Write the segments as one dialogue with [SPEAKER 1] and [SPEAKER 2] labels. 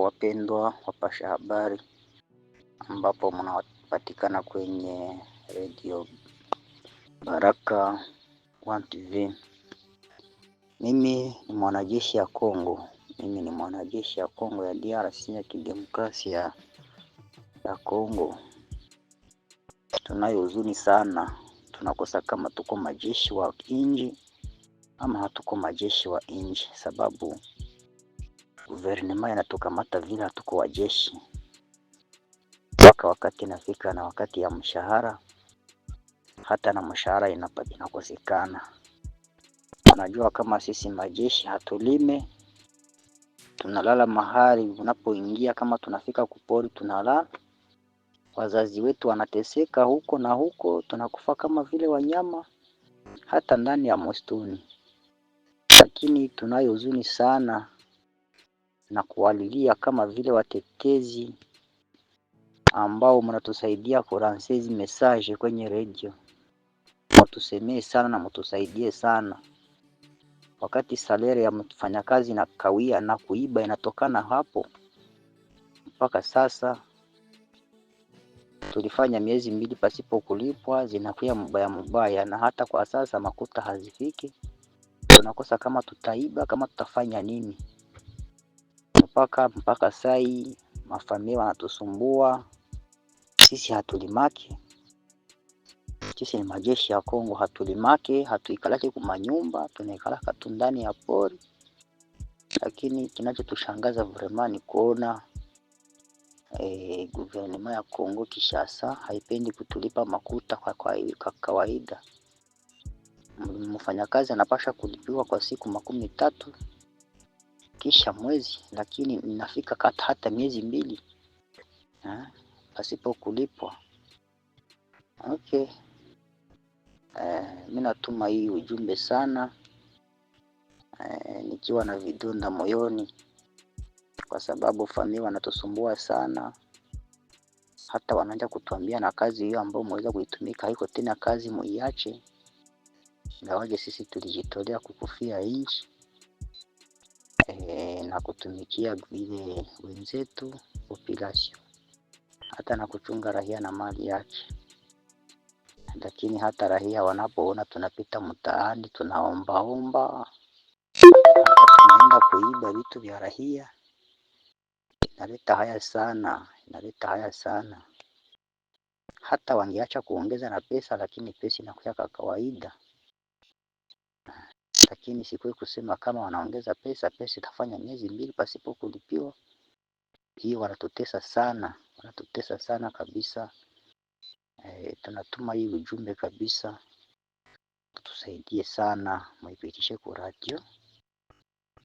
[SPEAKER 1] wapendwa wapasha habari, ambapo mnapatikana kwenye redio Baraka One TV. Mimi ni mwanajeshi ya Kongo, mimi ni mwanajeshi ya Kongo ya DRC ya kidemokrasia ya Kongo. Tunayo huzuni sana, tunakosa kama tuko majeshi wa inji ama hatuko majeshi wa inji sababu guvernema inatukamata vile hatuko wajeshi mpaka wakati inafika na wakati ya mshahara, hata na mshahara inakosekana. Unajua, kama sisi majeshi hatulime, tunalala mahali unapoingia. Kama tunafika kupori, tunalala. Wazazi wetu wanateseka huko na huko, tunakufa kama vile wanyama, hata ndani ya mostuni. Lakini tunayo huzuni sana na kuwalilia kama vile watetezi ambao mnatusaidia kuransezi message kwenye redio, mtusemee sana na mtusaidie sana. Wakati salere ya mfanyakazi na kawia na kuiba inatokana hapo. Mpaka sasa tulifanya miezi mbili pasipo kulipwa, zinakuya mbaya mbaya, na hata kwa sasa makuta hazifiki. Tunakosa kama tutaiba, kama tutafanya nini mpaka mpaka sai mafamilia wanatusumbua sisi, hatulimaki sisi ni majeshi ya Kongo, hatulimake hatuikalake kumanyumba, tunaikalaka tu ndani ya pori. Lakini kinachotushangaza vraiment ni kuona eh, guvernema ya Kongo kishasa haipendi kutulipa makuta kwa kawaida. Mfanyakazi anapasha kulipiwa kwa siku makumi tatu kisha mwezi, lakini kata hata miezi mbili ha? pasipo kulipwa. Okay. Eh, mi natuma hii ujumbe sana eh, nikiwa na vidonda moyoni kwa sababu familia wanatusumbua sana, hata wanaanza kutuambia na kazi hiyo ambayo mweza kuitumika haiko tena kazi, muiache, ingawaje sisi tulijitolea kukufia nchi Eh, na kutumikia vile wenzetu population, hata na kuchunga rahia na mali yake. Lakini hata rahia wanapoona tunapita mtaani tunaombaomba, hata tunaenda kuiba vitu vya rahia, inaleta haya sana, inaleta haya sana. Hata wangeacha kuongeza na pesa, lakini pesa inakuya kwa kawaida lakini sikuwe kusema kama wanaongeza pesa, pesa itafanya miezi mbili pasipo kulipiwa. Hiyo wanatutesa sana, wanatutesa sana kabisa. E, tunatuma hii ujumbe kabisa, tusaidie sana, mwipitishe kwa radio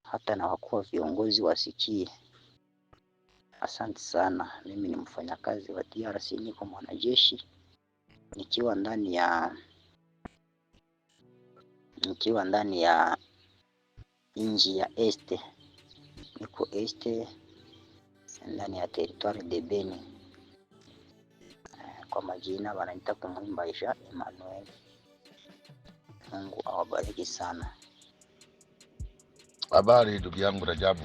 [SPEAKER 1] hata na wakuwa viongozi wasikie. Asante sana. Mimi ni mfanyakazi wa DRC, niko mwanajeshi nikiwa ndani ya nikiwa ndani ya nchi ya este, niko este ndani ya territoire de Beni. Eh, kwa majina wanaita Kumwimbaisha Emmanuel. Mungu awabariki sana.
[SPEAKER 2] Habari ndugu yangu Rajabu,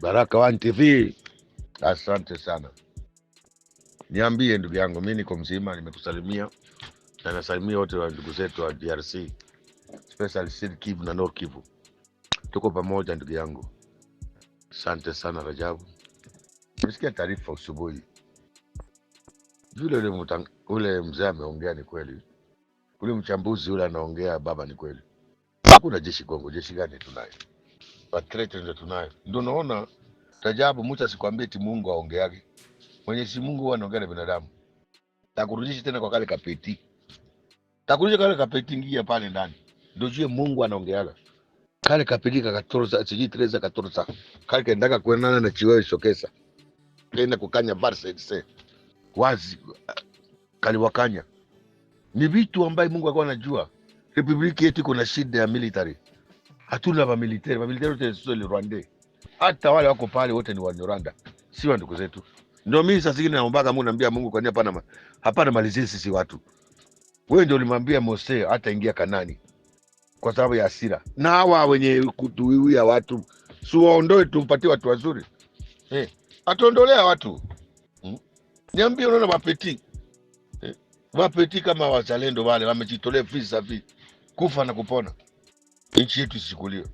[SPEAKER 2] Baraka One TV, asante sana. Niambie ndugu yangu, mi niko mzima, nimekusalimia na nasalimia wote wa ndugu zetu wa DRC special Sud Kivu na Nord Kivu. Tuko pamoja ndugu yangu, asante sana Rajabu. Nimesikia taarifa usubuhi vile ule, ule mzee ameongea, ni kweli. Ule mchambuzi ule anaongea baba, ni kweli. Hakuna jeshi Kongo, jeshi gani tunayo? Patriote ndio tunayo. Ndio naona Rajabu, mtu sikwambie ti Mungu aongeage, Mwenyezi Mungu huwa anaongea na binadamu. Takurudisha tena kwa kale kapeti, takurudisha kale kapeti, ingia pale ndani ndojue Mungu anaongeaga kale kapilika katorza sijui treza katorza kale kaendaka kuenana na chiwewe shokesa kaenda kukanya barsedse wazi kaliwakanya ni vitu ambaye Mungu akawa anajua. Republiki yetu iko na shida ya military, hatuna vamilitari. Vamilitari wote sio ni Rwanda, hata wale wako pale wote ni Wanyarwanda, si wa ndugu zetu. Ndio mimi sasa zingine naombaga Mungu, naambia Mungu kwa nini hapana, hapana malizie sisi watu. Wewe ndio ulimwambia Mose hata ingia Kanani, kwa sababu ya asira na hawa wenye kutuiwia watu siwaondoe tumpatie watu wazuri eh. atuondolea watu hmm. Niambie, unaona mapeti eh. Mapeti kama wazalendo wale wamejitolea vii safi kufa na kupona nchi yetu isikuliwe.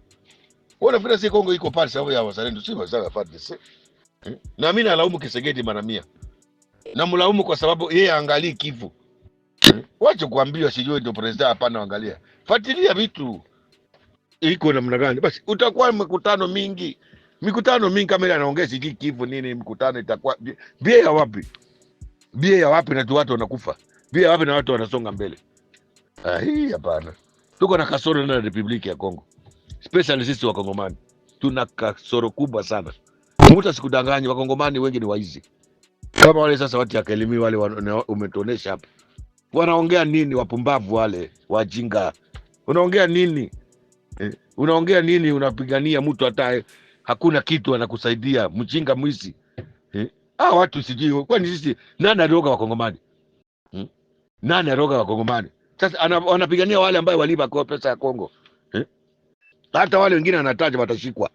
[SPEAKER 2] Nafikiri si Kongo iko pale sababu ya wazalendo, si wazalendo FARDC eh. Na mimi nalaumu Kisegedi mara mia, namlaumu kwa sababu yeye angalii kivu Wacha kuambiwa sijui ndio president. Hapana, angalia, fuatilia vitu iko namna gani, basi utakuwa mkutano mingi, mikutano mingi kama ile anaongea kifo nini, mkutano itakuwa bia ya wapi? Bia ya wapi? na watu wanakufa bia ya wapi? na watu wanasonga mbele. Ah, Hii hapana, tuko na kasoro na Republiki ya Kongo, especially sisi Wakongomani tuna kasoro kubwa sana. Mtu asikudanganye, Wakongomani wengi ni waizi kama wale sasa watu ya Kelimi wale, wale umetonesha hapa wanaongea nini? Wapumbavu wale wajinga, unaongea nini eh? Unaongea nini? Unapigania mtu hata hakuna kitu anakusaidia, mjinga mwizi eh? Ah, watu sijui kwani sisi nani aliroga wakongomani hmm? Nani aliroga wakongomani? Sasa wanapigania wale ambayo walipa kwa pesa ya Kongo eh? Hata wale wengine anataja watashikwa,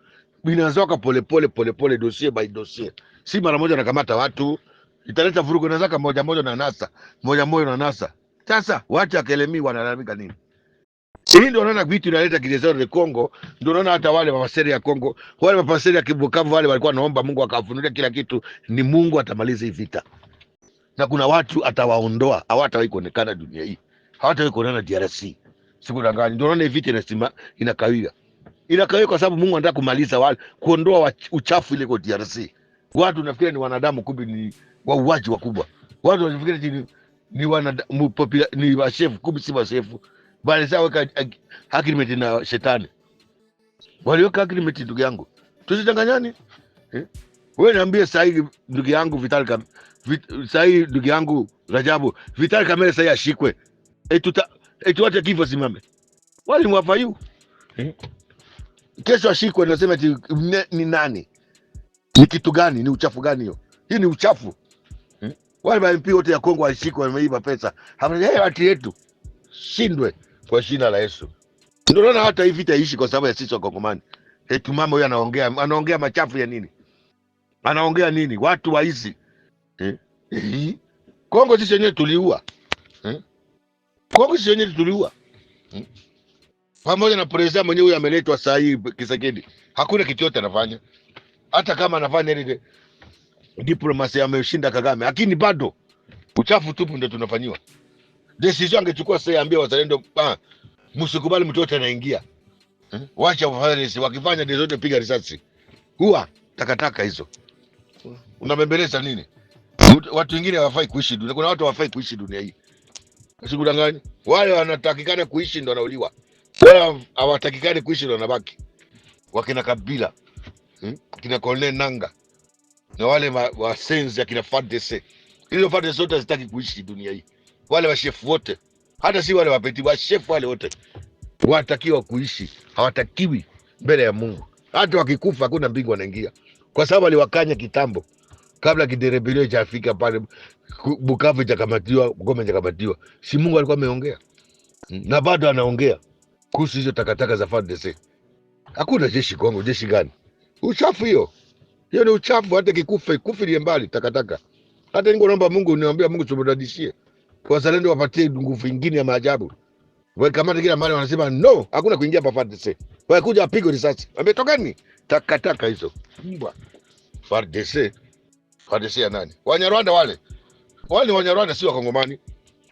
[SPEAKER 2] inazoka polepole polepole, dosie by dosie, si mara moja anakamata watu italeta vurugu, nazaka moja moja na nasa moja moja na nasa. Sasa wacha akelemi wanalalamika nini? Hii ndio unaona vitu inaleta kidesero de Kongo, ndio unaona hata wale mapaseri ya Kongo, wale mapaseri ya Kibukavu, wale walikuwa naomba Mungu akawafunulia kila kitu, ni Mungu atamaliza hii vita, na kuna watu atawaondoa, hawatawahi kuonekana dunia hii, hawatawahi kuonana DRC. Sikudanganya, ndio unaona hii vita inasima inakawia inakawia kwa sababu Mungu anataka kumaliza wale, kuondoa uchafu ile kwa DRC. Watu nafikiri ni wanadamu, kumbe ni wauaji wakubwa. Watu wanafikiri ni ni wana mpopula, ni wasefu kumbe si wasefu, bali sasa weka agreement na shetani. Waliweka agreement, ndugu yangu, tusidanganyane eh? Wewe niambie sasa hivi ndugu yangu Vitali Kam vit, sasa hivi ndugu yangu Rajabu Vitali Kamere sasa ashikwe, etuta eh, etuache eh, kifo simame, wali mwafayu eh? Kesho ashikwe, nasema ni nani? Ni kitu gani? Ni uchafu gani hiyo? Hii ni uchafu wale MP wote ya Kongo walishikwa, wameiba pesa, hati yetu shindwe kwa jina la Yesu. Ndio naona hata hii vita iishi kwa sababu ya sisi Wakongomani. Eti mama huyo anaongea anaongea machafu ya nini? Anaongea nini? Watu wa eh? Kongo sisi wenyewe tuliua eh? Kongo sisi wenyewe tuliua eh? Pamoja na president mwenyewe huyo ameletwa saa hii Kisekedi, hakuna kitu yote anafanya, hata kama anafanya ile diplomasi ameshinda Kagame, lakini bado uchafu tupu ndio tunafanyiwa. Desizio angechukua sasa, ambia wazalendo ah, msikubali mtu yote anaingia hmm? Wacha wafanyisi wakifanya dezote, piga risasi, huwa takataka hizo. Unabembeleza nini? Watu wengine hawafai kuishi dunia. Kuna watu hawafai kuishi dunia hii, sikudanganyi. Wale wanatakikana kuishi ndo wanauliwa, wale hawatakikani kuishi ndo wanabaki, wakina Kabila hmm? kina Colonel Nanga na wale wasenzi wa akina fantese. Hizo fantese zote hazitaki kuishi dunia hii, wale washefu wote, hata si wale wapeti, washefu wale wote watakiwa kuishi, hawatakiwi mbele ya Mungu. Hata wakikufa hakuna mbingu wanaingia, kwa sababu aliwakanya kitambo, kabla kiderebelio cha Afrika pale Bukavu chakamatiwa, Goma chakamatiwa, si Mungu alikuwa ameongea na bado anaongea kuhusu hizo takataka za FARDC. Hakuna jeshi Kongo, jeshi gani? Uchafu hiyo hiyo ni uchafu. Hata kikufa kufilie mbali takataka. Hata ningo naomba Mungu, niambia Mungu tumradishie wazalendo, wapatie nguvu ingine ya maajabu. Wakamata kila mara wanasema no, hakuna kuingia pa FARDC. Wakuja apigwe risasi, ametokani takataka hizo mbwa. FARDC, FARDC ya nani? Wanyarwanda wale wale, ni Wanyarwanda si Wakongomani.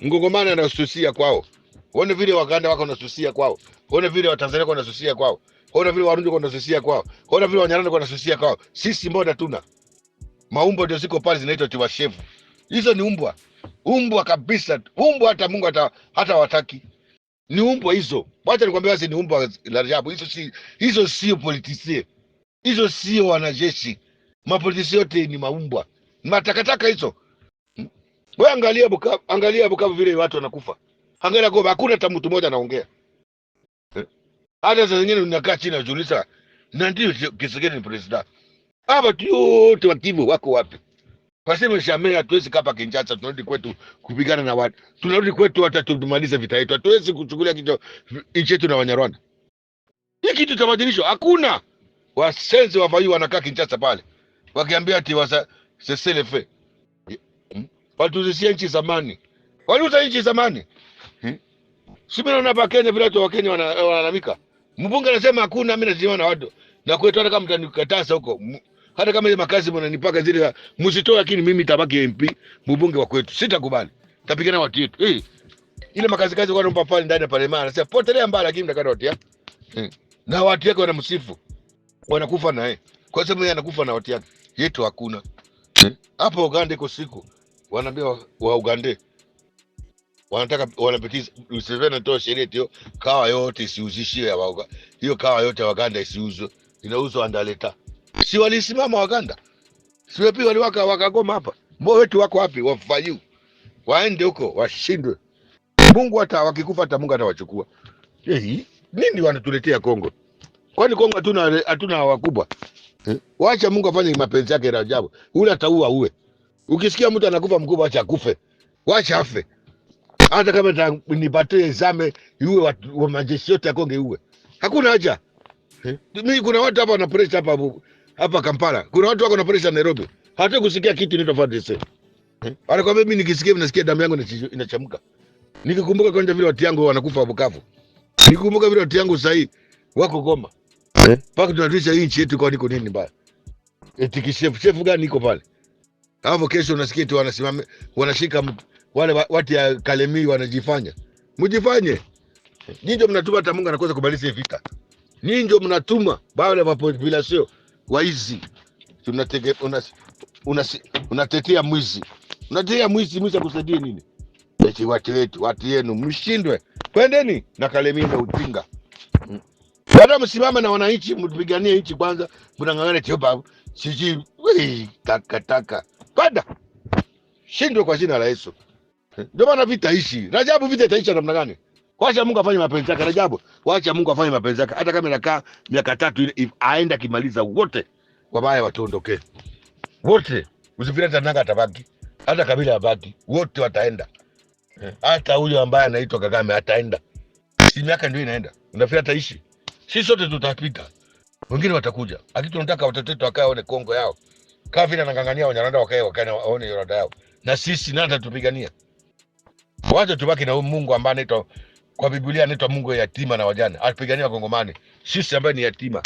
[SPEAKER 2] Mkongomani anasusia kwao, uone vile Waganda wako nasusia kwao, uone vile Watanzania wako nasusia kwao Hona vile Warundi wanasusia kwao, hona vile kwa wanasusia kwao. Sisi mbona tuna maumbo ndio ziko pale zinaitwa tiwashevu, hizo ni umbwa, umbwa kabisa, umbwa hata Mungu hata, hata wataki ni umbwa hizo. Wacha nikwambia wazi, ni umbwa la ajabu hizo. Si hizo sio politisie, hizo sio wanajeshi. Mapolitisi yote ni maumbwa, ni matakataka hizo. Wewe angalia Bukavu, angalia Bukavu vile watu wanakufa, angalia Goma, hakuna hata mtu mmoja anaongea hata saa zingine unakaa chini najiuliza, na ndio kisigeni ni presida hawa tu yote wakivu wako wapi? Waseme shamea, hatuwezi kapa Kinshasa, tunarudi kwetu kupigana na watu, tunarudi kwetu hata tumalize vita yetu. Hatuwezi kuchukulia kitu nchi yetu na Wanyarwanda. Hii kitu itabadilishwa, hakuna wasenzi wavai wanakaa Kinshasa pale wakiambia ati wasa seselefe hmm? watuuzisia nchi zamani, waliuza nchi zamani hmm? Simi na pa Kenya vile watu wa Kenya wanalalamika wana Mbunge anasema hakuna, mimi nasimama na watu na kwetu, hata kama mtanikatasa huko, hata kama ile makazi mnanipaka zile msitoe, lakini mimi tabaki MP mbunge wa kwetu, sitakubali, tapigana na watu wetu eh ile makazi kazi kwa nomba pale ndani pale, maana sasa potelea mbali, lakini mtakata watu yake eh, na watu yake wanamsifu, wanakufa naye kwa sababu yeye anakufa na watu yake. Yetu hakuna eh, hapo. Uganda iko siku wanaambia wa, wa Uganda wanataka wanapitiza Museveni anatoa sheria hiyo, kawa yote isiuzishiwe hiyo kawa yote Waganda isiuzwe, inauzwa andaleta. Si walisimama Waganda, si wapi waliwaka wakagoma hapa, mbo wetu wako wapi? Wafayu waende huko washindwe. Mungu hata wakikufa hata Mungu atawachukua. Ei, nini wanatuletea Kongo? Kwani Kongo hatuna hatuna wakubwa eh? Wacha Mungu afanye mapenzi yake. ya ajabu. ule ataua uwe. Ukisikia mtu anakufa mkubwa, acha akufe, wacha afe hata kama nipatie exame iwe wa, majeshi yote ya Kongo iwe hakuna haja eh? Mimi kuna watu hapa wana pressure hapa hapa Kampala, kuna watu wako na pressure Nairobi, hata kusikia kitu inaitwa FARDC eh? Wanakwambia mimi nikisikia nasikia damu yangu inachemka, nikikumbuka kwanza vile watu yangu wanakufa Bukavu, nikikumbuka vile watu yangu sahii wako Goma mpaka eh? Tunatuisha hii nchi yetu kwa niko nini mbaya eti kishefu shefu gani iko pale, alafu kesho unasikia tu wanasimama wanashika mtu wale watu ya Kalemie wanajifanya, mjifanye Ninyi ndio mnatuma hata Mungu anakosa kumaliza vita. Ninyi ndio mnatuma wale wa population waizi, una unatetea mwizi, unatetea mwizi. Mwizi akusaidie nini? Eti watu wetu, watu yenu mshindwe, kwendeni na Kalemie na Utinga baada msimame na wananchi, mtupiganie nchi kwanza, mnang'ang'ana tioba sijui takataka bada shindwe kwa jina la Yesu. Ndio maana vita ishi. Rajabu, vita itaisha namna gani? Wacha Mungu afanye mapenzi yake. Rajabu, wacha Mungu afanye mapenzi yake, hata kama inakaa miaka tatu ile, aenda kimaliza wote wabaya, wataondokee wote. Usifiri Tandanga atabaki, hata Kabila abaki, wote wataenda, eh, hata huyo ambaye anaitwa Kagame ataenda. Si miaka ndio inaenda, unafikiri ataishi? Sisi sote tutapita, wengine watakuja. Akitu tunataka watoto wetu wakae waone Kongo yao, kama vile anang'ang'ania Wanyarwanda wakae wakae waone Rwanda yao, na sisi nani atatupigania? Wacha tubaki na Mungu ambaye anaitwa kwa Biblia anaitwa Mungu yatima na wajane, atupigania Wakongomani sisi ambaye ni yatima.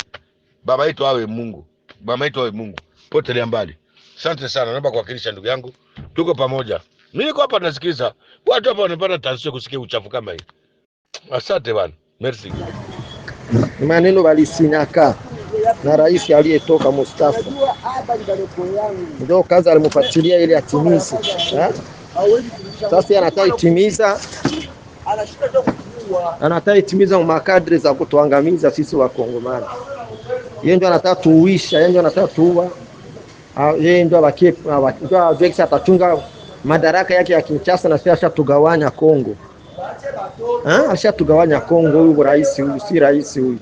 [SPEAKER 2] Baba yetu awe Mungu, mama yetu awe Mungu, potelea mbali. Asante sana, naomba kuwakilisha ndugu yangu, tuko pamoja. Mimi niko hapa nasikiliza, watu hapa wanapata tansio kusikia uchafu kama hii. Asante bana, merci.
[SPEAKER 3] Maneno walisinyaka na rais aliyetoka Mustafa ndio kazi alimfuatilia ili atimize sasa anataka itimiza anataka itimiza makadri za kutuangamiza sisi Wakongomani. Yeye ndio anataka tuuisha, yeye ndio anataka tuua, ah, yeye ndio abakie, atachunga madaraka yake ya Kinshasa, na sisi ashatugawanya Kongo, ah, ashatugawanya Kongo. Huyu rais huyu si rais huyu.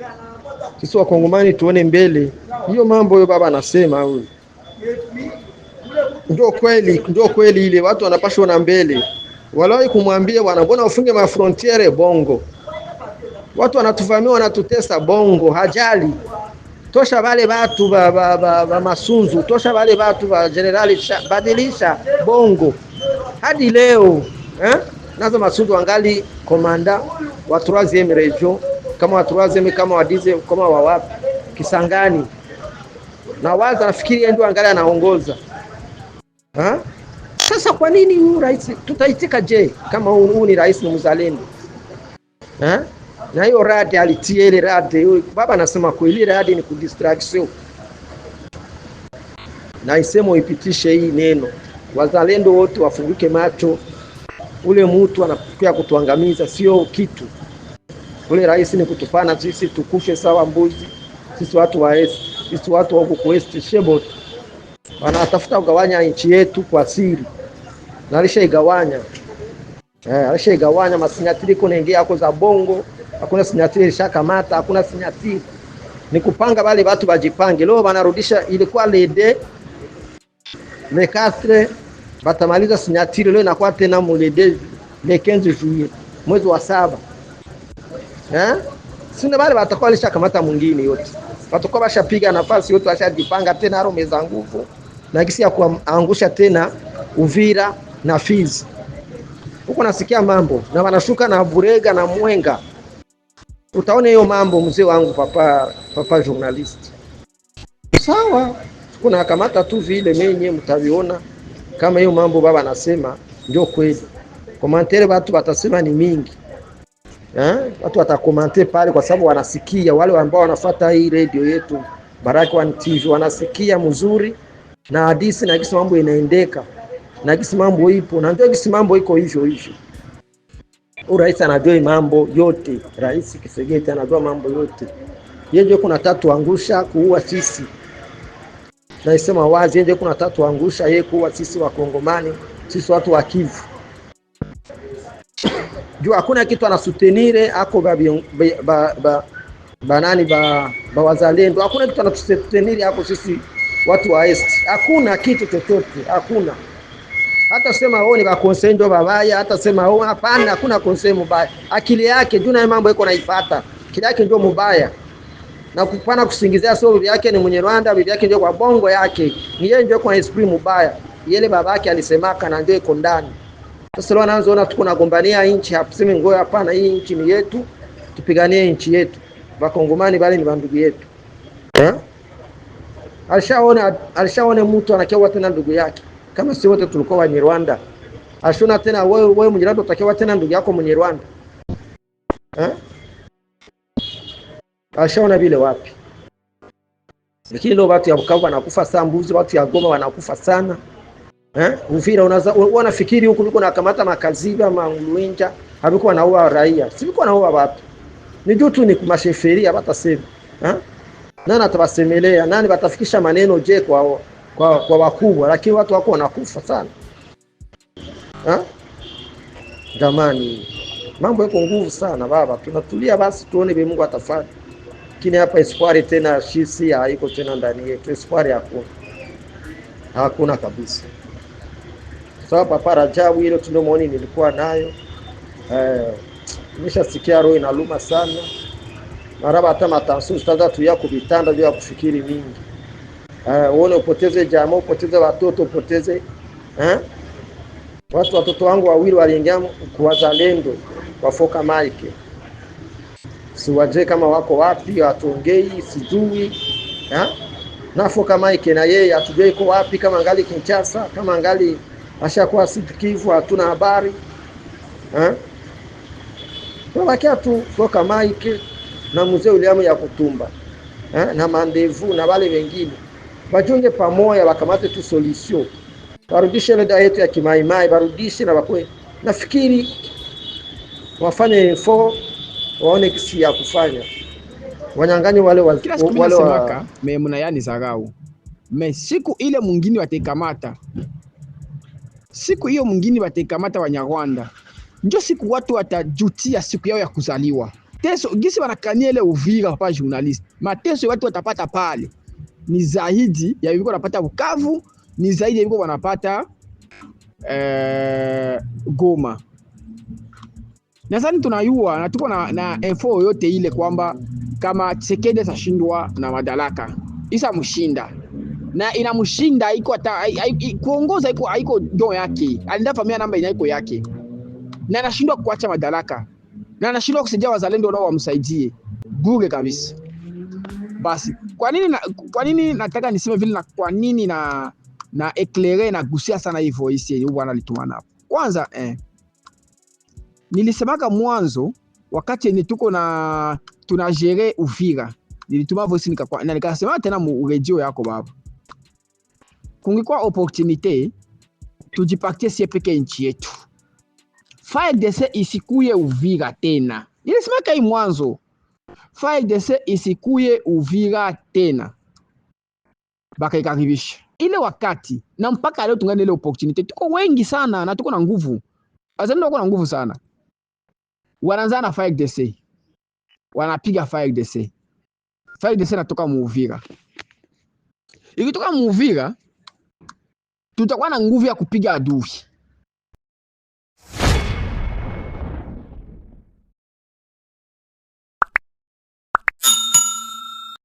[SPEAKER 3] Sisi Wakongomani tuone mbele, hiyo mambo hiyo baba anasema huyu ndio kweli, ndio kweli ile watu wanapashwa na mbele. Walahi kumwambia bwana, mbona ufunge mafrontiere bongo? Watu wanatuvamia wanatutesa bongo, hajali tosha wale watu ba, ba, ba, ba masunzu tosha wale watu ba generali badilisha bongo hadi leo eh? Nazo masunzu wangali komanda wa 3e region kama wa 3e kama wa dize kama wa wapi Kisangani na waza nafikiri ndio angali anaongoza. Ha? Sasa kwa nini huu rais tutaitika je kama huu ni rais ni mzalendo? Ha? Na hiyo radi alitie ile radi huyu baba anasema kwa ile radi ni kudistraction. Na isemo ipitishe hii neno. Wazalendo wote wafunguke macho. Ule mtu anapokuja kutuangamiza sio kitu. Ule rais ni kutufana sisi tukufe sawa mbuzi. Sisi watu wa sisi watu wa huko West Shebot wanatafuta kugawanya nchi yetu kwa siri, na alishaigawanya eh, alishaigawanya masinyatiri iko naingia yako za bongo, hakuna sinyatiri ilishakamata, hakuna sinyatiri ni kupanga bali watu bajipange. Leo wanarudisha ilikuwa lede le 4 batamaliza sinyatiri leo inakuwa tena mulede le 15 juillet mwezi wa saba eh, sina bali watakuwa alishakamata mwingine yote, watakuwa bashapiga nafasi yote, washajipanga tena, aromeza nguvu na kisi ya kuangusha tena Uvira na Fizi huko, nasikia mambo na wanashuka na Burega na Mwenga. Utaona hiyo mambo mzee wangu, papa papa journalist. Sawa, kuna kamata tu vile menye mtaviona kama hiyo mambo baba anasema ndio kweli. Komantere watu watasema ni mingi eh, watu watakomante pale, kwa sababu wanasikia wale ambao wanafuata hii radio yetu Baraka One TV wanasikia mzuri na hadisi na kisi mambo inaendeka na kisi mambo ipo na ndio kisi mambo iko hivyo hivyo. Rais anajua mambo yote, Rais Kisegeti anajua mambo yote. Yeye ndio kuna tatu angusha kuua sisi, naisema wazi. Yeye ndio kuna tatu angusha yeye kuua sisi Kongomani, sisi watu wa Kivu juu hakuna kitu anasutenire ako ba, ba, ba, banani ba, ba wazalendo. Hakuna kitu anasutenire ako sisi watu wa Est. Hakuna kitu chochote, hakuna hata sema wao ni kakonsei ndo babaya, hata sema wao hapana, hakuna konsei mubaya. Akili yake ndio nayo mambo yako naipata, akili yake ndio mubaya na kupana kusingizia, sio bibi yake ni mwenye Rwanda, bibi yake ndio kwa bongo yake, ni yeye ndio kwa esprit mubaya, yele baba yake alisemaka na ndio iko ndani. Sasa leo anaanza tuko nagombania nchi hapa, sema ngoja, hapana, hii nchi ni yetu, tupiganie nchi yetu. Bakongomani bali ni bandugu yetu eh? alishaona alishaona mtu anakiwa tena ndugu yake, kama si wote tulikuwa wa Rwanda. Ashuna tena wewe wewe mwenye Rwanda utakiwa tena ndugu yako mwenye Rwanda eh, ashaona vile wapi? Lakini leo watu ya Bukavu wanakufa sana, mbuzi watu ya Goma wanakufa sana eh, Uvira unaza wanafikiri huko niko nakamata makaziba maulwenja habiko wanaua raia, siviko wanaua watu, ni juu tu ni kumasheferia hata sasa eh nani atawasemelea? Nani watafikisha maneno je kwa, kwa, kwa wakubwa? Lakini watu wako wanakufa sana ha? Jamani, mambo yako nguvu sana baba. Tunatulia basi, tuone vile Mungu atafanya, lakini hapa espoir tena shisi haiko tena ndani yetu, espoir hakuna, hakuna kabisa. Sasa so, Papa Rajabu, hilo ndio maoni nilikuwa nayo eh, nimeshasikia roho inaluma sana maraba hata matasi tu tuyaku vitanda vya kufikiri mingi uh, eh, uone upoteze jamaa upoteze watoto upoteze eh? Watu watoto wangu wawili waliingia kuwazalendo wafoka maike, siwaje kama wako wapi, watongei sijui eh? nafoka maike na yeye hatujui iko wapi, kama angali kinchasa kama angali ashakuwa sud hatuna habari eh? abakia tu foka maike na mzee William kutumba eh, na mandevu na wale wengine wajunge pamoja, wakamate tu solution, warudishe ile yetu ya kimaimai, barudishe na bakwe. Nafikiri wafanye info waone kisi ya kufanya, wanyanganye wale wa, wale wa... me yani zarau me siku ile mwingine watekamata siku hiyo mwingine watekamata Wanyarwanda, njo siku watu watajutia siku yao ya kuzaliwa mateso gisi wanakania ile Uvira kwa journalist, mateso watu watapata pale ni zaidi ya viko wanapata Bukavu, ni zaidi ya viko wanapata eh, Goma. Nadhani tunayua na tuko na, na info yote ile kwamba kama Tshisekedi atashindwa na madaraka isamshinda na inamshinda iko hata kuongoza iko haiko don yake alinda familia namba inaiko yake na anashindwa kuacha madaraka na nashindwa kusaidia wazalendo nao wamsaidie bure kabisa. Basi kwa nini na, kwa nini nataka niseme vile na kwa nini na na eclairer na gusia sana hii voice yenye bwana alituma hapo Kwanza eh, Nilisemaka mwanzo wakati yenye tuko na tunajere Uvira, nilituma voice nikakwa na nikasema tena mu radio yako baba, kungekuwa opportunity tujipatie sie peke nchi yetu FARDC isikuye Uvira tena, nilisema kai mwanzo, FARDC isikuye Uvira tena, bakaikaribisha ile wakati, na mpaka leo tunga ile opportunity. Tuko wengi sana na tuko na nguvu, wazalendo wako na nguvu sana, wanaanza na FARDC, wanapiga FARDC. FARDC natoka muuvira, ikitoka muuvira tutakuwa na nguvu ya kupiga adui